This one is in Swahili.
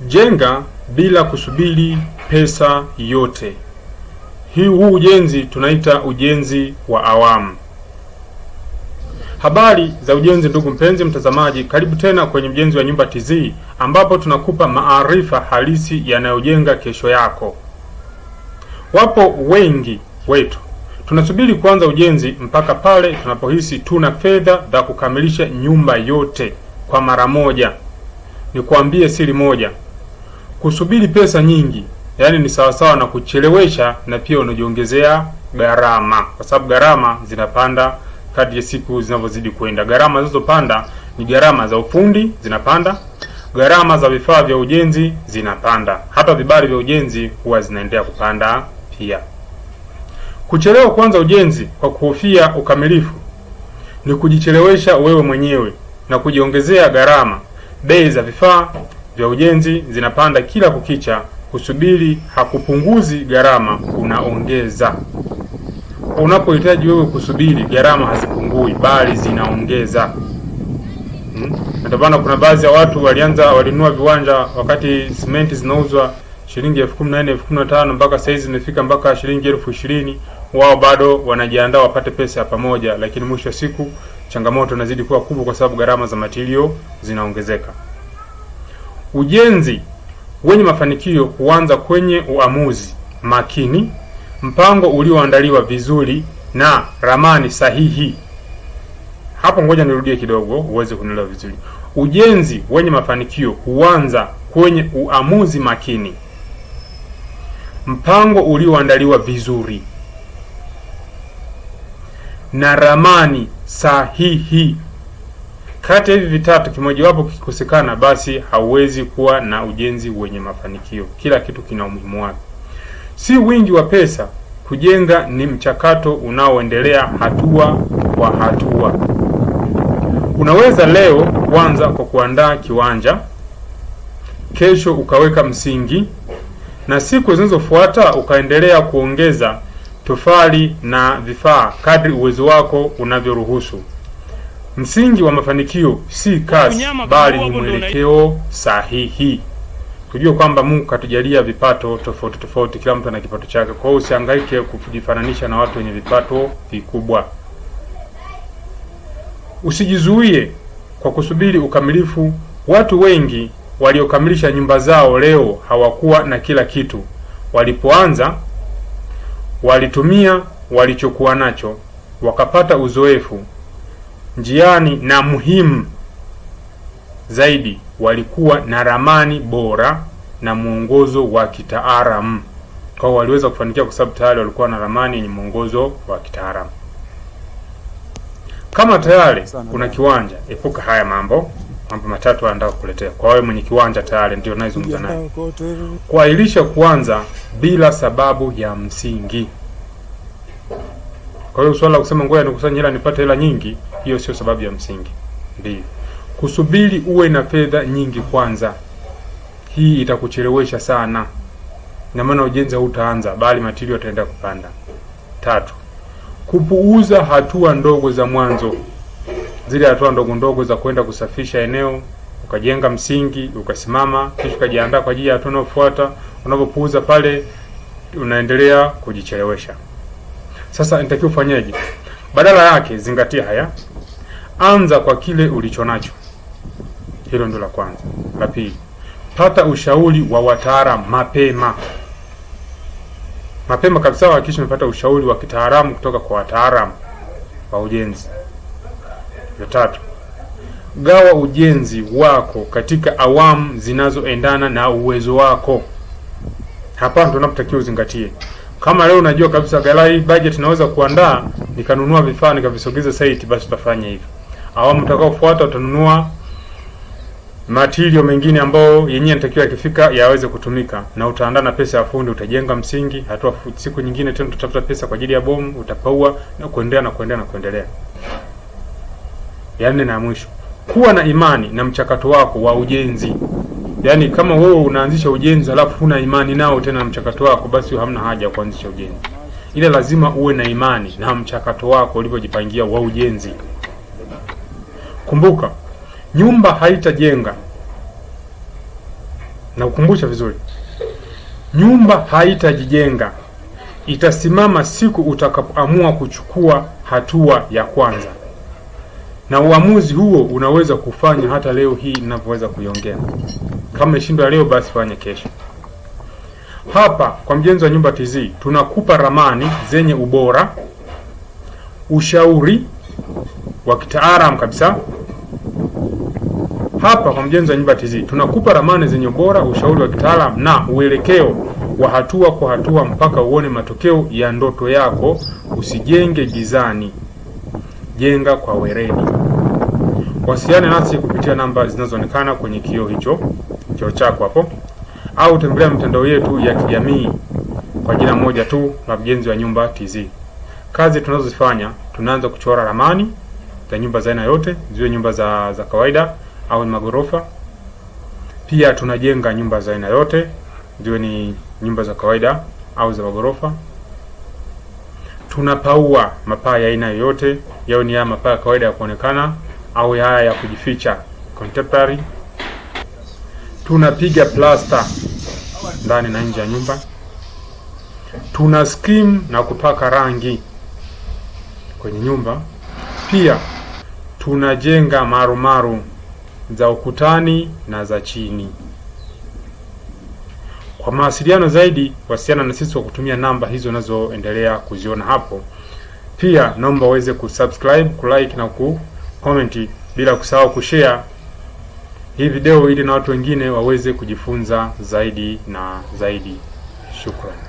Jenga bila kusubiri pesa yote. Hii huu ujenzi tunaita ujenzi wa awamu. Habari za ujenzi, ndugu mpenzi mtazamaji, karibu tena kwenye Ujenzi wa Nyumba TZ ambapo tunakupa maarifa halisi yanayojenga kesho yako. Wapo wengi wetu tunasubiri kuanza ujenzi mpaka pale tunapohisi tuna fedha za kukamilisha nyumba yote kwa mara moja. Nikwambie siri moja, Kusubiri pesa nyingi, yaani ni sawasawa na kuchelewesha, na pia unajiongezea gharama, kwa sababu gharama zinapanda kadri siku zinavyozidi kwenda. Gharama zinazopanda ni gharama za ufundi zinapanda, gharama za vifaa vya ujenzi zinapanda, hata vibali vya ujenzi huwa zinaendelea kupanda pia. Kuchelewa kuanza ujenzi kwa kuhofia ukamilifu ni kujichelewesha wewe mwenyewe na kujiongezea gharama, bei za vifaa, vya ujenzi zinapanda kila kukicha. Kusubiri hakupunguzi gharama, kunaongeza. Unapohitaji wewe kusubiri, gharama hazipungui bali zinaongeza. Hmm? Ndio maana kuna baadhi ya watu walianza walinunua viwanja wakati simenti zinauzwa shilingi elfu kumi na nne elfu kumi na tano mpaka saizi zimefika mpaka shilingi elfu ishirini Wao bado wanajiandaa wapate pesa ya pamoja, lakini mwisho wa siku changamoto inazidi kuwa kubwa, kwa sababu gharama za matilio zinaongezeka. Ujenzi wenye mafanikio huanza kwenye uamuzi makini, mpango ulioandaliwa vizuri na ramani sahihi. Hapo ngoja nirudie kidogo uweze kunielewa vizuri. Ujenzi wenye mafanikio huanza kwenye uamuzi makini, mpango ulioandaliwa vizuri na ramani sahihi. Kati ya hivi vitatu kimojawapo kikikosekana, basi hauwezi kuwa na ujenzi wenye mafanikio. Kila kitu kina umuhimu wake. Si wingi wa pesa. Kujenga ni mchakato unaoendelea hatua kwa hatua. Unaweza leo kuanza kwa kuandaa kiwanja, kesho ukaweka msingi, na siku zinazofuata ukaendelea kuongeza tofali na vifaa kadri uwezo wako unavyoruhusu. Msingi wa mafanikio si kazi bali ni mwelekeo sahihi. Tujue kwamba Mungu katujalia vipato tofauti tofauti, kila mtu ana kipato chake. Kwa hiyo usihangaike kujifananisha na watu wenye vipato vikubwa. Usijizuie kwa kusubiri ukamilifu. Watu wengi waliokamilisha nyumba zao leo hawakuwa na kila kitu. Walipoanza walitumia walichokuwa nacho, wakapata uzoefu njiani na muhimu zaidi, walikuwa na ramani bora na mwongozo wa kitaalamu. Kwa hiyo waliweza kufanikiwa kwa sababu tayari walikuwa na ramani yenye mwongozo wa kitaalamu. Kama tayari kuna kiwanja, epuka haya mambo. Mambo matatu anataka kukuletea. Kwa wewe mwenye kiwanja tayari ndio anayezungumza naye. Kuahirisha kuanza bila sababu ya msingi. Kwa hiyo swala la kusema ngoja nikusanye hela nipate hela nyingi hiyo sio sababu ya msingi. Mbili, kusubiri uwe na fedha nyingi kwanza. Hii itakuchelewesha sana, na maana ujenzi hautaanza bali matirio ataenda kupanda. Tatu, kupuuza hatua ndogo za mwanzo, zile hatua ndogo ndogo za kwenda kusafisha eneo, ukajenga msingi, ukasimama, kisha ukajiandaa kwa ajili ya hatua inayofuata. Unapopuuza pale, unaendelea kujichelewesha. Sasa nitakiwa ufanyeje? Badala yake zingatia haya anza kwa kile ulicho nacho. Hilo ndo la kwanza. La pili, pata ushauri wa wataalamu mapema, mapema kabisa. Hakikisha umepata ushauri wa kitaalamu kutoka kwa wataalamu wa ujenzi. La tatu, gawa ujenzi wako katika awamu zinazoendana na uwezo wako. Hapa ndo unapotakiwa uzingatie. Kama leo unajua kabisa galai budget naweza kuandaa nikanunua vifaa nikavisogeza site, basi utafanya hivyo awamu utakaofuata utanunua matirio mengine ambayo yenyewe yanatakiwa yakifika yaweze kutumika, na utaandaa na pesa ya fundi, utajenga msingi. Hatua siku nyingine tena utatafuta pesa kwa ajili ya bomu, utapaua na kuendelea na kuendelea na kuendelea. Ya nne na mwisho, kuwa na imani na mchakato wako wa ujenzi. Yaani kama wewe unaanzisha ujenzi alafu una imani nao tena na mchakato wako, basi hamna haja ya kuanzisha ujenzi, ila lazima uwe na imani na mchakato wako ulivyojipangia wa ujenzi. Kumbuka, nyumba haitajenga, na ukumbusha vizuri, nyumba haitajijenga, itasimama siku utakapoamua kuchukua hatua ya kwanza, na uamuzi huo unaweza kufanya hata leo hii ninavyoweza kuiongea. Kama ishindwa leo, basi fanye kesho. Hapa kwa Mjenzi wa Nyumba TZ tunakupa ramani zenye ubora, ushauri wa kitaalamu kabisa hapa kwa Mjenzi wa Nyumba TZ tunakupa ramani zenye ubora, ushauri wa kitaalamu na uelekeo wa hatua kwa hatua mpaka uone matokeo ya ndoto yako. Usijenge gizani, jenga kwa weredi. Wasiliana nasi kupitia namba zinazoonekana kwenye kioo hicho kioo chako hapo, au tembelea mitandao yetu ya kijamii kwa jina moja tu la Mjenzi wa Nyumba TZ. Kazi tunazozifanya tunaanza kuchora ramani za nyumba za aina yote, ziwe nyumba za, za kawaida au magorofa Pia tunajenga nyumba za aina yote, ziwe ni nyumba za kawaida au za maghorofa. Tunapaua mapaa ya aina yoyote, yao ni haya mapaa ya kawaida ya kuonekana au haya ya kujificha contemporary. Tunapiga plasta ndani na nje ya nyumba. Tuna skim na kupaka rangi kwenye nyumba. Pia tunajenga marumaru za ukutani na za chini. Kwa mawasiliano zaidi, wasiliana na sisi kwa kutumia namba hizo unazoendelea kuziona hapo. Pia naomba uweze kusubscribe, kulike na kucomment, bila kusahau kushare hii video ili na watu wengine waweze kujifunza zaidi na zaidi. Shukrani.